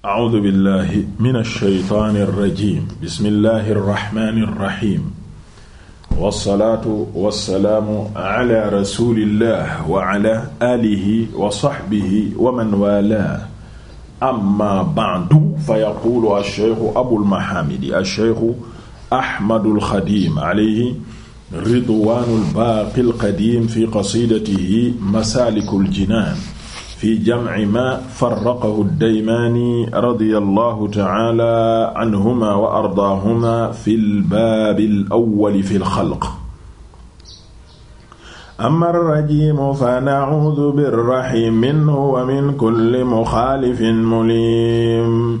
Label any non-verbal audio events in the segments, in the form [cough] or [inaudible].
A'uuzu billaahi mina shaytaani rajiim bismillaahi rahmaani rahiim. wasalaatu wasalaamu ala rasuulillah wa ala aalihi wa saxbihi wa man waalaahu. amma ba'du fa yaquulu ash-shaykhu abul mahaamidi ash-shaykhu Ahmadul Xadiim alayhi ridwaanul baaqil qadiim fi qasiidatihi masaalikul jinaan. fi jamci ma farraqahu ddaymaani radiyallahu ta'ala anhuma wa ardaahuma fil baabil awwali fil xalq. amma rajiimu fa na'uudu birrahiim minhu wa min kulli muxaalifin muliim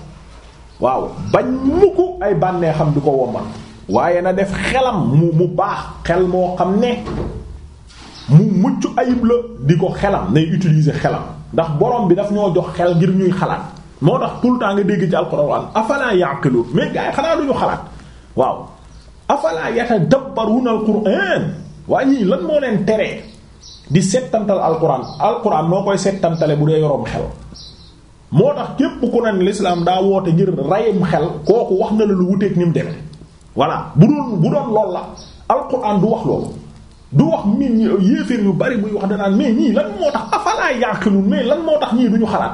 waaw bañ mu ko ay bànneexam di ko wommal waaye na def xelam mu mu baax xel moo xam ne mu mucc ayib la di ko xelam nay utiliser xelam ndax borom bi daf ñoo jox xel ngir ñuy xalaat moo tax tout le temps nga dégg ci alxuraan afala yaqilun mais gars yi xanaa duñu xalaat waaw afala yatadabbaruna alxuraan waa ñii lan moo leen tere di settantal alxuraan alxuraan noo koy settantale bu dee yoroom xel moo tax képp ku ne lislaam daa woote ngir rayum xel kooku wax na la lu wuteeg ni mu demee bu doon bu doon lool la alquran du wax loolu du wax min yéeféer yu bari buy wax danaan mais ñii lan moo tax afalaa yaqilun mais lan moo tax ñii duñu xalaat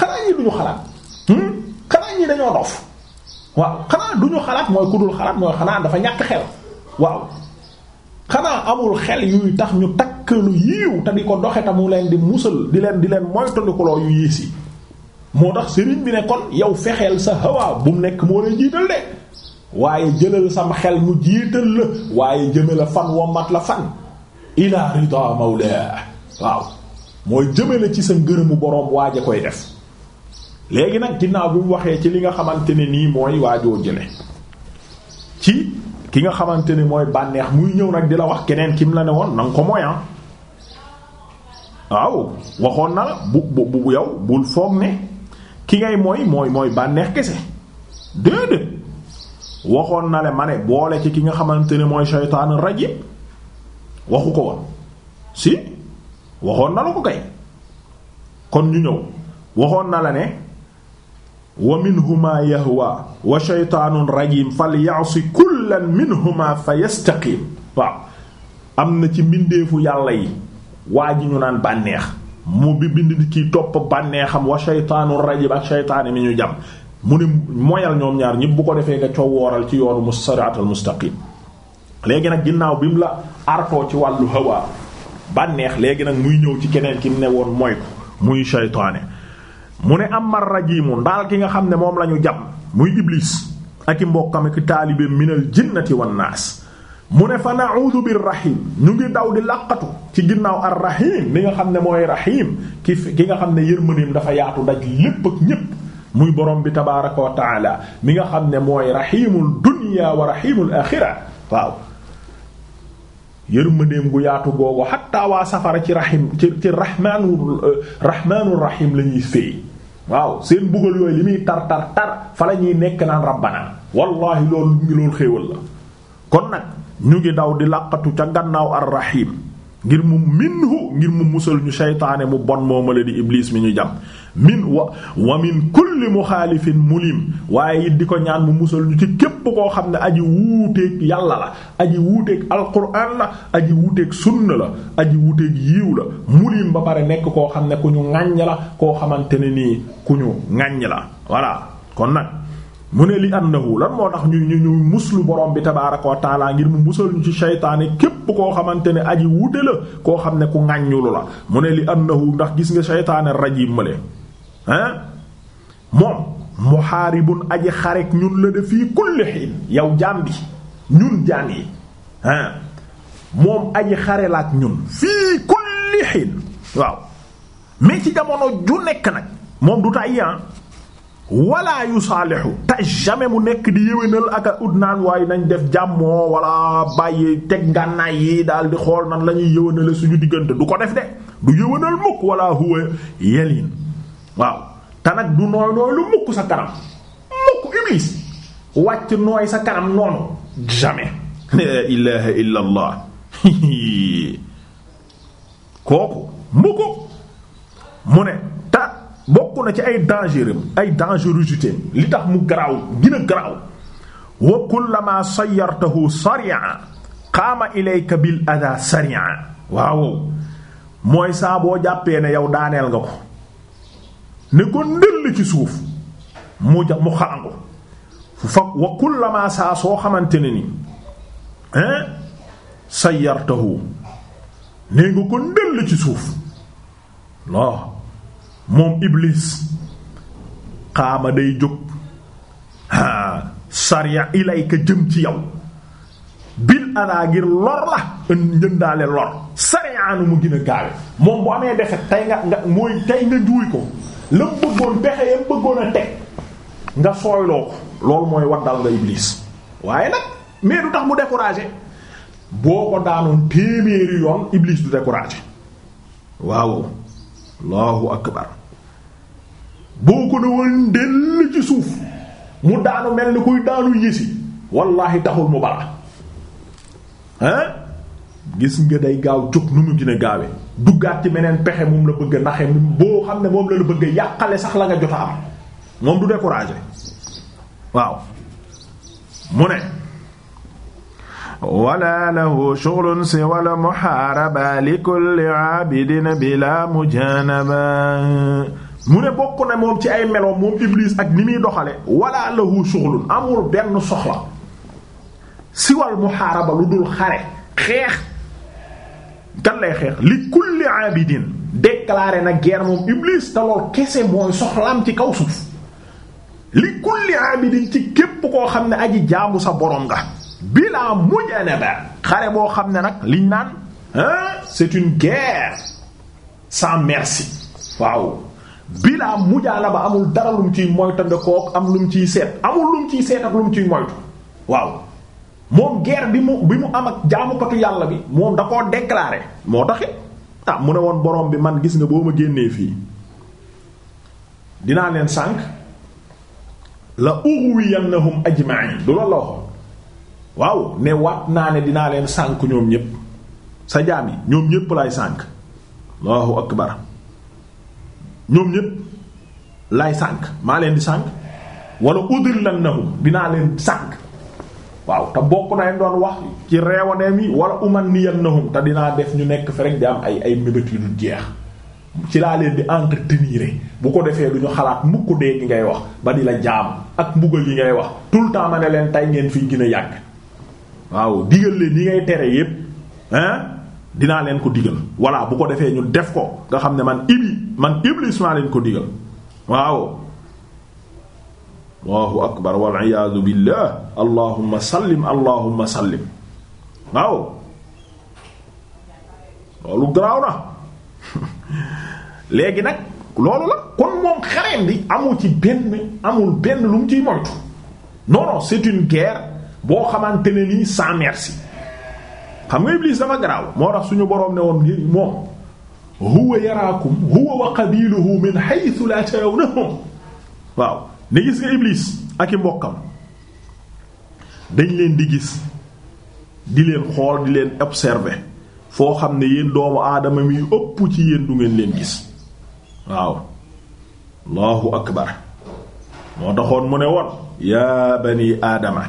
xanaa ñii duñu xalaat hmm? xanaa ñii dañoo dof waaw xanaa duñu xalaat mooy ku dul xalaat mooy xanaa dafa ñàkk xel waaw xanaa amul xel yuy tax ñu takk lu yiiw te di ko doxe te mu leen di musal di leen di leen moytandikuloo yu moo tax sëriñ bi ne kon yow fexeel sa hawaa bu mu nekk moo lay jiital de waaye jëlal sama xel mu jiital la waaye jëme la fan wommat la fan ila rida mawla waaw mooy jëme la ci sa ngërëmu boroom waaja koy def léegi nag ginnaaw bi mu waxee ci li nga xamante ne nii mooy waajoo jële ci ki nga xamante ni mooy bànneex muy ñëw nag di la wax keneen kim la ne woon na ko mooy waaw waxoon na la bu bu bu yow bul foog ne ki ngay mooy mooy mooy bànneex kese déedéet waxoon na le ma ne boole ci ki nga xamante ne mooy shaytaan rajim waxu ko woon si waxoon na la ko kay kon ñu ñëw waxoon na la ne wa minhuma yahwa wa shaytaanun rajim falya'si kullan minhuma fayastaqim waaw am na ci mbindeefu yàlla yi waa ji ñu naan bànneex mu bi bind di topp bànnee xam wa shaytaanu rajib ak shaytaani mi ñu jam mu ni moyal ñoom ñaar ñi bu ko defee nga coow wooral ci yoonu mu saraatal mustaqim léegi nag ginnaaw bi mu la artoo ci wàllu hawa bànneex léegi nag muy ñëw ci keneen ki mu ne woon mooy ko muy shaytaane mu ne am amar rajimu ndaal ki nga xam ne moom la ñu jam muy iblis ak i mbokkam ak taalibe minal jinnati wan naas mu ne fa na'uudu bir rahim ñu ngi daw di laqatu ci ginnaaw ar rahim li nga xam ne mooy rahim ki ki nga xam ne yërmandeem dafa yaatu daj lépp ak ñépp muy borom bi tabaaraka wa taala mi nga xam ne mooy rahimul dunya wa rahimul axira waaw yërmandeem gu yaatu googu xatta waa safara ci rahim ci ci rahmaanu rahmaanu rahim la ñuy waaw seen mbugal yooyu li muy tar tar tar fa la ñuy nekk naan rabbana wallahi loolu loolu xéewal la kon nag. ñu ngi daw di làqatu ca gannaaw ar ngir mu minhu ngir mu musal ñu seytaane mu bon moomale di iblis mi ñu jam min wa wa min kulli muxaalifin mulim waaye it di ko ñaan mu musal ñu ci képp koo xam ne aji wuuteeg yàlla la aji wuuteeg alquran la aji wuuteek sunna la aji wuuteeg yiiw la mulim ba pare nekk koo xam ne ku ñu ŋàññ la koo xamante ne nii ku ñu ŋàññ la voilà kon nag mu ne li annahu lan moo tax ñu ñu ñu muslu borom bi tabaaraka wa taala ngir mu musal ñu ci saytaane képp koo xamante ne aji wute la koo xam ne ku ŋàññulu la mu ne li annahu ndax gis nga saytaane rajim male ah moom muhaaribun aji xarek ñun la de fii kulli xiin yow jaam bi ñun jaam yi ah moom aji xare la ak ñun fii kulli xiin waaw mais ci jamono ju nekk nag moom du tàyyi wala yusaalihu te jamais mu nekk di yéwénal ak a ut naan waaye nañ def jàmmoo wala bàyyi teg ngànnaay yi daal di xool nan lañuy ñuy suñu diggante du ko def de du yéwénal mukk wala huwa yelin waaw te du nooy nooy lu mukk sa kanam mukk iblis wàcc nooy sa kanam noonu jamais la ilaha illa [laughs] kooku mukk mu ne bokk na ci ay dangeram ay dangerosité li tax mu garaaw gën a garaaw wa kullama sayyartahu sari'a qaama ilayka bil adha sari'a waaw mooy saaboo boo jàppee ne yow daaneel nga ko ne ko ndëll ci suuf mu ja mu xaangu fu fa wa kullama saa soo xamante ne ni hein sayyartahu nee nga ko ndëll ci suuf loo moom iblis xaama day jóg sariya ilayka jëm ci yow bil adaa ngir lor la njëndaale lor sariyaanu mu gën a gaawe moom bu amee defet tey nga nga mooy tey nga njuuy ko la mu bëggoon pexe ya mu bëggoon a teg nga sooyloo ko loolu mooy waddal nga iblis waaye nag mais du tax mu découragé boo ko daanoon téeméeri yoon iblis du découragé waaw allahu akbar boo ko ne woon dell ci suuf mu daanu mel ni kuy daanu yësi wallaahi taxul mu bala hein gis nga day gaaw jóg nu mu gën gaawe duggaat ci meneen pexe moom la bëgg a naxe boo xam ne moom la bëgg a yàqale sax la nga jot a am moom du découragé waaw mu ne walla lahu shughlun si wala muhaaraba li kulli aabidin bila mujanaba mu ne bokk na moom ci ay meloom moom Iblis ak ni muy doxale wala lahu shughulun amul benn soxla siwal muhaaraba lu dul xare xeex kan xeex li kulli abidin déclaré na guerre moom Iblis te lool kese mooy soxlaam ci kaw suuf li kulli abidin ci képp koo xam ne aji jaamu sa borom nga bila mujanaba xare boo xam ne nag liñ naan hein c'est une guerre sans merci waaw bilaa mujaana ba amul dara lu mu ciy moytu nga kook am lu mu ciy seet amul lu mu ciy seet ak lu mu ciy moytu waaw moom guerre bi mu bi mu am ak jaamukatu yàlla bi moom da koo déclarer moo taxit ah mu ne woon borom bi man gis nga boo ma génnee fii dinaa leen sànq la ughwiyannahum ajma'in du loolu la waxoon waaw ne waat naa ne dinaa leen sànq ñoom ñépp sa jaam yi ñoom ñépp lay sànq allahu akbar ñoom ñépp lay sànk maa leen di sànk wala udillannahum dinaa leen sànk waaw te bokk na leen doon wax ci reewaneem yi wala umanniyannahum te dinaa def ñu nekk fi rek di am ay ay mébét yu du jeex ci laa leen di entretenir bu ko defee du ñu xalaat mukk dee gi ngay wax ba di la jaam ak mbugal yi ngay wax tout le temps ma ne leen tey ngeen fiy gën a yàgg waaw digal leen yi ngay tere yépp hein dinaa leen ko digal voilà bu ko defee ñu def ko nga xam ne man man iblis maa leen ko digal waaw allahu akbar wal iyaadu billah allahumma sallim allahumma sallim waaw loolu garaaw na [laughs] léegi nag loolu la kon moom xareem bi amul ci benn amul benn lu mu ciy moytu non non c'est boo xamante ne nii sans merci xam nga Iblis dafa garaaw moo tax suñu boroom ne woon ngir moom huwa yaraakum huwa wa qabiluhu min haythu la tarawnahum waaw ne gis nga iblis ak i mbokkam dañ leen di gis di leen xool di leen observer foo xam ne yéen doomu aadama mi ëpp ci yéen du ngeen leen gis waaw allahu akbar moo taxoon mu ne woon yaa bani aadama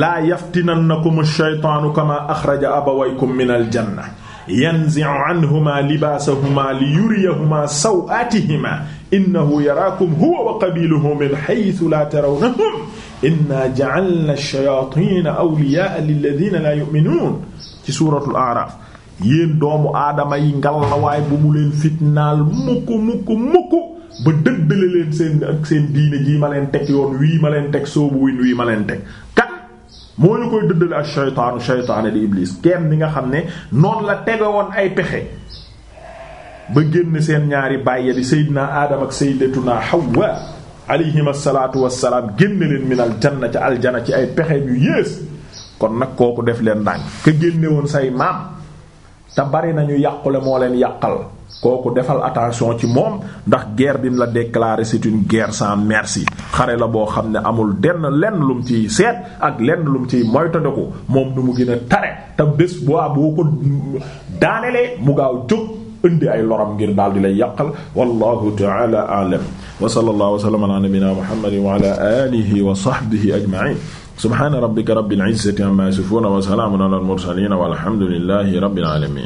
laa yaftinannakum ash-shaytaanu kama axraja abawaykum min al janna yanzi'u anhuma libaasahuma li yuriyahuma saw'atihima innahu yaraakum huwa wa qabiluhu min haythu la tarawnahum inna ja'alna ash-shayatina awliya'a lilladhina la yu'minun ci suuratul a'raf yéen doomu aadama yi ngalawaay bu mu leen fitnaal mukk mukk mukk ba dëddale leen seen ak seen diine jii ma leen teg yoon wii ma leen teg soobu win wii ma leen teg moo ñu koy dëddale ak shaytaanu shaytaane di iblis kenn ni nga xam ne noonu la tege woon ay pexe ba génn seen ñaari bàyya di seydina aadam ak sayyidatuna hawa alayhim asalaatu wassalaam génn leen min aljanna ca aljana ci ay pexe yu yées kon nag kooku def leen ndànk ka génne woon say maam te bari nañu yàqule moo leen yàqal kooku defal attention ci moom ndax ger bi la déclarer c'est une guerre sans merci xare la boo xam ne amul denn lenn lum ciy seet ak lenn lum ciy moytandiku moom nu mu gën a tare te bés bu boo ko daanelee mu gaaw jóg indi ay loram ngir daal di lay yàqal wallahu ta'ala a'lam wa sallallahu wa sallama ala nabiyyina muhammadin wa ala alihi wa sahbihi ajma'in subhana rabbika rabbil